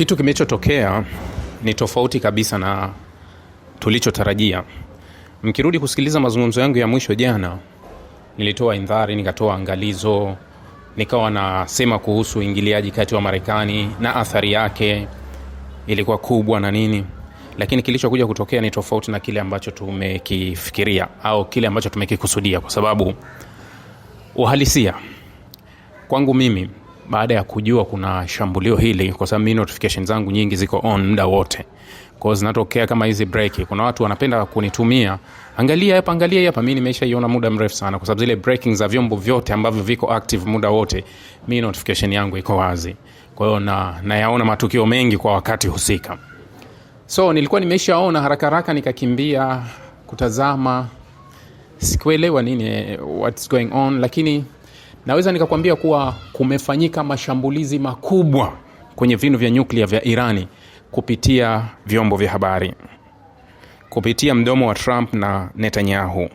Kitu kimechotokea ni tofauti kabisa na tulichotarajia. Mkirudi kusikiliza mazungumzo yangu ya mwisho jana, nilitoa indhari, nikatoa angalizo, nikawa nasema kuhusu uingiliaji kati wa Marekani na athari yake ilikuwa kubwa na nini, lakini kilichokuja kutokea ni tofauti na kile ambacho tumekifikiria au kile ambacho tumekikusudia, kwa sababu uhalisia kwangu mimi baada ya kujua kuna shambulio hili, kwa sababu mimi notification zangu nyingi ziko on muda wote, kwa zinatokea kama hizi break. Kuna watu wanapenda kunitumia, angalia hapa, angalia hapa. Mimi nimeshaiona muda mrefu sana, kwa sababu zile breaking za vyombo vyote ambavyo viko active muda wote, mi notification yangu iko wazi. Kwa hiyo na nayaona matukio mengi kwa wakati husika, so nilikuwa nimeshaona haraka haraka, nikakimbia kutazama, sikuelewa nini what's going on, lakini naweza nikakwambia kuwa kumefanyika mashambulizi makubwa kwenye vinu vya nyuklia vya Irani kupitia vyombo vya habari, kupitia mdomo wa Trump na Netanyahu.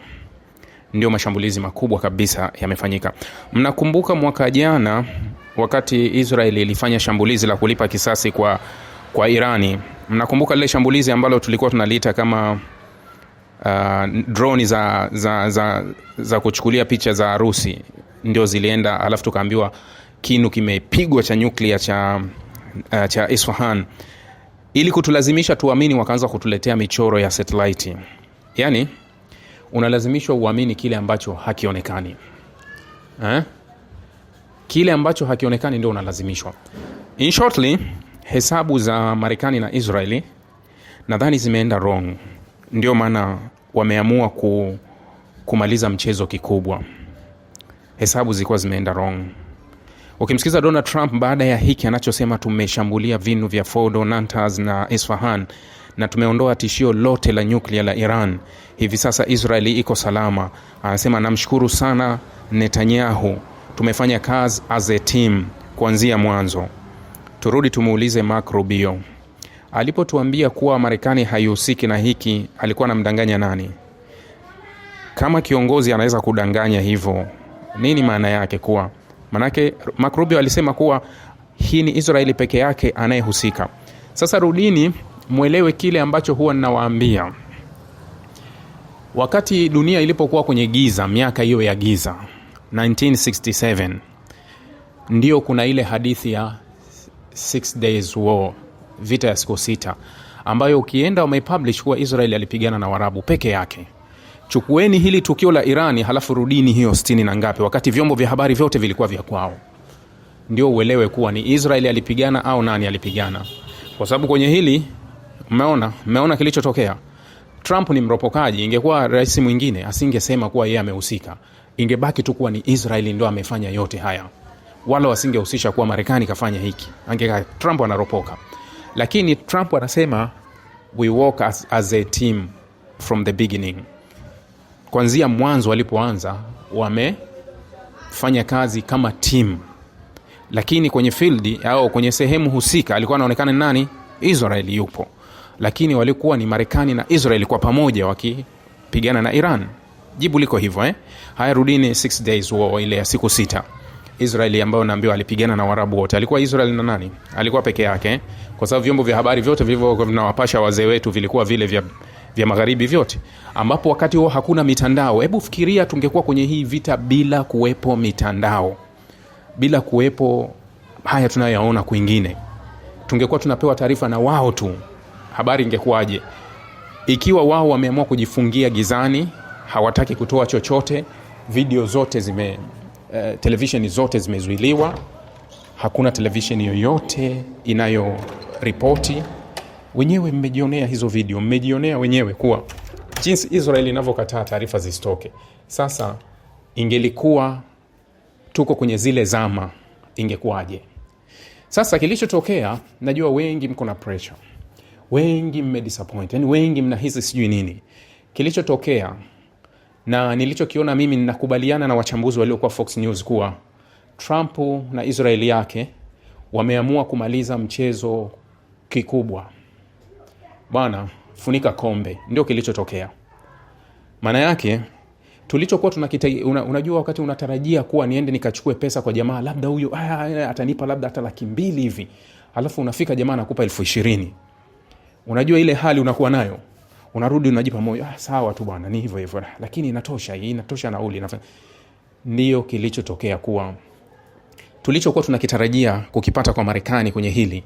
Ndio mashambulizi makubwa kabisa yamefanyika. Mnakumbuka mwaka jana wakati israel ilifanya shambulizi la kulipa kisasi kwa, kwa Irani. Mnakumbuka lile shambulizi ambalo tulikuwa tunaliita kama uh, droni za, za, za, za kuchukulia picha za harusi ndio zilienda, alafu tukaambiwa kinu kimepigwa cha nyuklia cha, uh, cha Isfahan ili kutulazimisha tuamini. Wakaanza kutuletea michoro ya satelaiti, yani unalazimishwa uamini kile ambacho hakionekani eh? Kile ambacho hakionekani ndio unalazimishwa. In shortly, hesabu za Marekani na Israeli nadhani zimeenda wrong, ndio maana wameamua ku, kumaliza mchezo kikubwa hesabu zilikuwa zimeenda wrong. Ukimsikiza Donald Trump baada ya hiki anachosema, tumeshambulia vinu vya Fordo, nantas na Isfahan na tumeondoa tishio lote la nyuklia la Iran, hivi sasa Israeli iko salama, anasema namshukuru sana Netanyahu, tumefanya kazi as a team kuanzia mwanzo. Turudi tumuulize mak Rubio alipotuambia kuwa Marekani haihusiki na hiki, alikuwa anamdanganya nani? Kama kiongozi anaweza kudanganya hivyo nini maana yake kuwa? manake Marco alisema kuwa hii ni Israeli peke yake anayehusika. Sasa rudini mwelewe kile ambacho huwa ninawaambia. Wakati dunia ilipokuwa kwenye giza, miaka hiyo ya giza 1967, ndio kuna ile hadithi ya Six Days War, vita ya siku sita, ambayo ukienda wamepublish kuwa Israeli alipigana na Warabu peke yake chukueni hili tukio la Irani halafu rudini hiyo stini na ngapi, wakati vyombo vya habari vyote vilikuwa vya kwao, ndio uelewe kuwa ni Israeli alipigana au nani alipigana, kwa sababu kwenye hili mmeona, mmeona kilichotokea. Trump ni mropokaji. Ingekuwa rais mwingine asingesema kuwa yeye amehusika, ingebaki tu kuwa ni Israeli ndo amefanya yote haya, wala wasingehusisha kuwa Marekani kafanya hiki, angekaa Trump anaropoka. Lakini Trump anasema we walk as, as a team from the beginning kuanzia mwanzo walipoanza wamefanya kazi kama timu lakini kwenye fildi au kwenye sehemu husika alikuwa anaonekana nani israeli yupo lakini walikuwa ni marekani na israeli kwa pamoja wakipigana na iran jibu liko hivyo eh? haya rudini six days war ile ya siku sita israeli ambayo naambiwa alipigana na waarabu wote alikuwa israel na nani alikuwa peke yake eh? kwa sababu vyombo vya habari vyote vilivyo vinawapasha wazee wetu vilikuwa vile vya vya magharibi vyote, ambapo wakati huo hakuna mitandao. Hebu fikiria tungekuwa kwenye hii vita bila kuwepo mitandao, bila kuwepo haya tunayoyaona kwingine, tungekuwa tunapewa taarifa na wao tu. Habari ingekuwaje? Ikiwa wao wameamua kujifungia gizani, hawataki kutoa chochote, video zote zime eh, televisheni zote zimezuiliwa, hakuna televisheni yoyote inayoripoti wenyewe mmejionea hizo video, mmejionea wenyewe kuwa jinsi Israeli inavyokataa taarifa zisitoke. Sasa ingelikuwa tuko kwenye zile zama, ingekuwaje? Sasa kilichotokea, najua wengi mko na pressure, wengi mmedisappoint, yani wengi mnahisi sijui nini kilichotokea na nilichokiona mimi. Ninakubaliana na wachambuzi waliokuwa Fox News kuwa Trump na Israeli yake wameamua kumaliza mchezo kikubwa bwana funika kombe ndio kilichotokea maana yake tulichokuwa tunakita una, unajua wakati unatarajia kuwa niende nikachukue pesa kwa jamaa labda huyo ah, ah, ah, atanipa labda hata laki mbili hivi alafu unafika jamaa anakupa elfu ishirini unajua ile hali unakuwa nayo unarudi unajipa moyo ah, sawa tu bwana ni hivyo hivyo lakini inatosha hii inatosha nauli inafanya ndiyo kilichotokea kuwa tulichokuwa tunakitarajia kukipata kwa marekani kwenye hili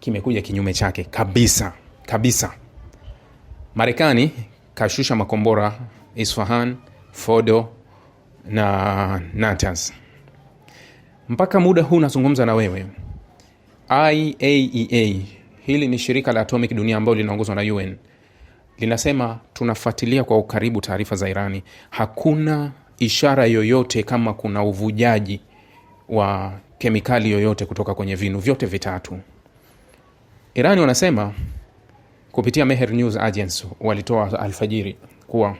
kimekuja kinyume chake kabisa kabisa. Marekani kashusha makombora Isfahan, Fodo na natas Mpaka muda huu nazungumza na wewe, IAEA e hili ni shirika la atomic dunia ambayo linaongozwa na UN linasema tunafuatilia kwa ukaribu taarifa za Irani. Hakuna ishara yoyote kama kuna uvujaji wa kemikali yoyote kutoka kwenye vinu vyote vitatu. Irani wanasema kupitia Meher News Agency walitoa alfajiri kuwa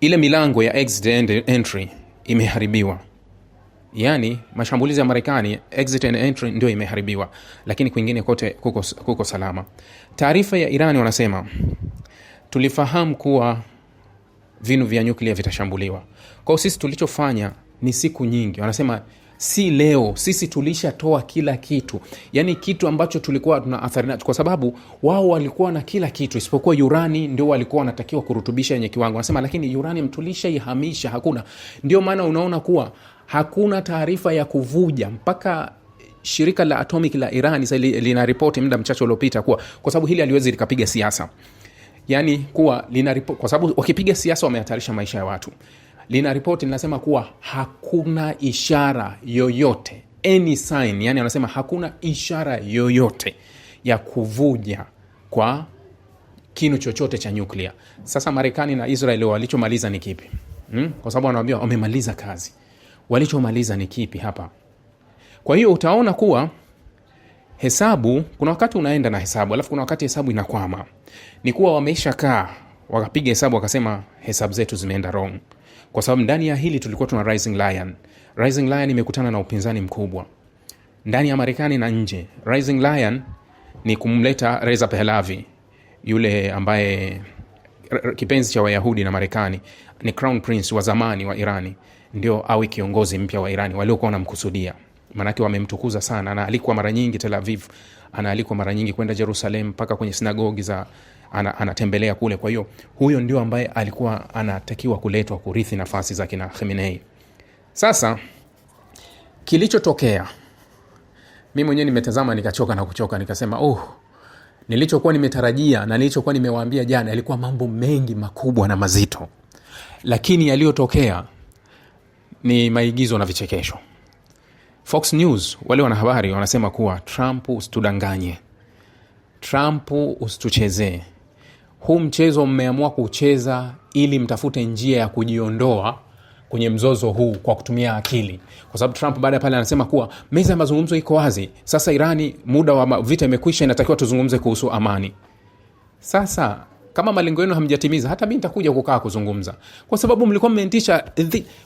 ile milango ya exit and entry imeharibiwa, yani mashambulizi ya Marekani, exit and entry ndio imeharibiwa, lakini kwingine kote kuko, kuko salama. Taarifa ya Irani wanasema tulifahamu kuwa vinu vya nyuklia vitashambuliwa, kwao sisi tulichofanya ni siku nyingi, wanasema si leo. Sisi tulishatoa kila kitu, yani kitu ambacho tulikuwa tuna athari nacho, kwa sababu wao walikuwa na kila kitu isipokuwa urani, ndio walikuwa wanatakiwa kurutubisha yenye kiwango. Anasema lakini urani tulishaihamisha, hakuna. Ndio maana unaona kuwa hakuna taarifa ya kuvuja mpaka shirika la atomic la Iran lina ripoti muda mchache uliopita kuwa, kwa sababu hili haliwezi likapiga siasa, yani kuwa lina kwa sababu wakipiga siasa wamehatarisha maisha ya watu lina ripoti linasema kuwa hakuna ishara yoyote any sign, yani anasema hakuna ishara yoyote ya kuvuja kwa kinu chochote cha nyuklia. Sasa Marekani na israel walichomaliza ni kipi hmm? Kwa sababu wanawambia wamemaliza kazi, walichomaliza ni kipi hapa? Kwa hiyo utaona kuwa hesabu, kuna wakati unaenda na hesabu alafu kuna wakati hesabu inakwama. Ni kuwa wameisha kaa wakapiga hesabu wakasema hesabu zetu zimeenda wrong kwa sababu ndani ya hili tulikuwa tuna Rising Lion. Rising Lion imekutana na upinzani mkubwa ndani ya Marekani na nje. Rising Lion ni kumleta Reza pehlavi yule ambaye kipenzi cha Wayahudi na Marekani, ni Crown Prince wa zamani wa Irani, ndio awe kiongozi mpya wa Irani waliokuwa wanamkusudia. Maanake wamemtukuza sana, anaalikwa mara nyingi Tel Aviv, anaalikwa mara nyingi kwenda Jerusalem, mpaka kwenye sinagogi za ana, anatembelea kule. Kwa hiyo huyo ndio ambaye alikuwa anatakiwa kuletwa kurithi nafasi za kina Khamenei. Sasa kilichotokea, mi mwenyewe nimetazama nikachoka na kuchoka, nikasema oh, nilichokuwa nimetarajia na nilichokuwa nimewaambia jana yalikuwa mambo mengi makubwa na mazito, lakini yaliyotokea ni maigizo na vichekesho. Fox News wale wanahabari wanasema kuwa Trump usitudanganye, Trump usituchezee, huu mchezo mmeamua kucheza ili mtafute njia ya kujiondoa kwenye mzozo huu kwa kutumia akili kwa sababu trump baada ya pale anasema kuwa meza ya mazungumzo iko wazi sasa irani muda wa vita imekwisha inatakiwa tuzungumze kuhusu amani sasa kama malengo yenu hamjatimiza hata mi nitakuja kukaa kuzungumza kwa sababu mlikuwa mmenitisha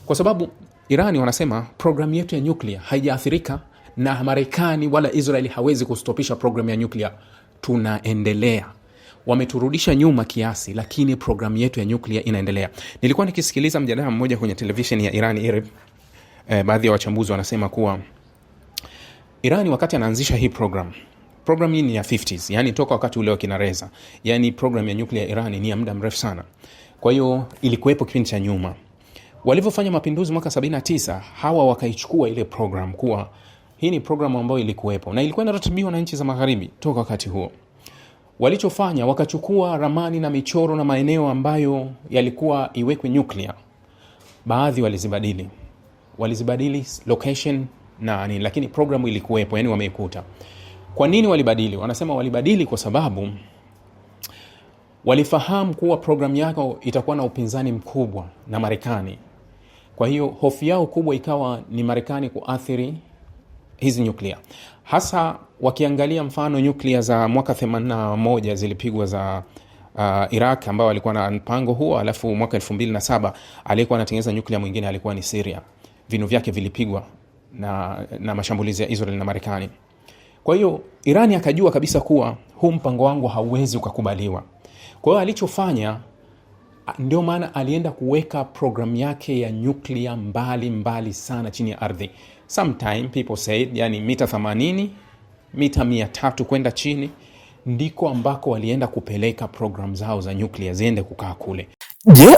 kwa sababu irani wanasema programu yetu ya nyuklia haijaathirika na marekani wala israeli hawezi kustopisha programu ya nyuklia tunaendelea wameturudisha nyuma kiasi, lakini programu yetu ya nyuklia inaendelea. Nilikuwa nikisikiliza mjadala mmoja kwenye televisheni ya Iran IRIB. Eh, baadhi ya wachambuzi wanasema kuwa Iran wakati anaanzisha hii program program hii ni ya 50s, yani toka wakati ule wa Kinareza, yani program ya nyuklia ya Iran ni ya muda mrefu sana. Kwa hiyo ilikuwepo kipindi cha nyuma walivyofanya mapinduzi mwaka 79, hawa wakaichukua ile program kuwa hii ni programu ambayo ilikuwepo na ilikuwa inaratibiwa na nchi za magharibi toka wakati huo. Walichofanya wakachukua ramani na michoro na maeneo ambayo yalikuwa iwekwe nyuklia, baadhi walizibadili, walizibadili location na nini, lakini programu ilikuwepo, yani wameikuta. Kwa nini walibadili? Wanasema walibadili kwa sababu walifahamu kuwa programu yako itakuwa na upinzani mkubwa na Marekani. Kwa hiyo hofu yao kubwa ikawa ni Marekani kuathiri hizi nyuklia hasa wakiangalia mfano nyuklia za mwaka 81 zilipigwa za uh, Iraq ambao alikuwa na mpango huo, alafu mwaka 2007 aliyekuwa anatengeneza nyuklia mwingine alikuwa ni Syria. Vinu vyake vilipigwa na, na mashambulizi ya Israel na Marekani. Kwa hiyo Irani akajua kabisa kuwa huu mpango wangu hauwezi ukakubaliwa. Kwa hiyo alichofanya ndio maana alienda kuweka programu yake ya nyuklia mbali mbali sana chini ya ardhi sometime people say yani mita 80 mita 300 kwenda chini ndiko ambako walienda kupeleka program zao za nyuklia ziende kukaa kule. Je,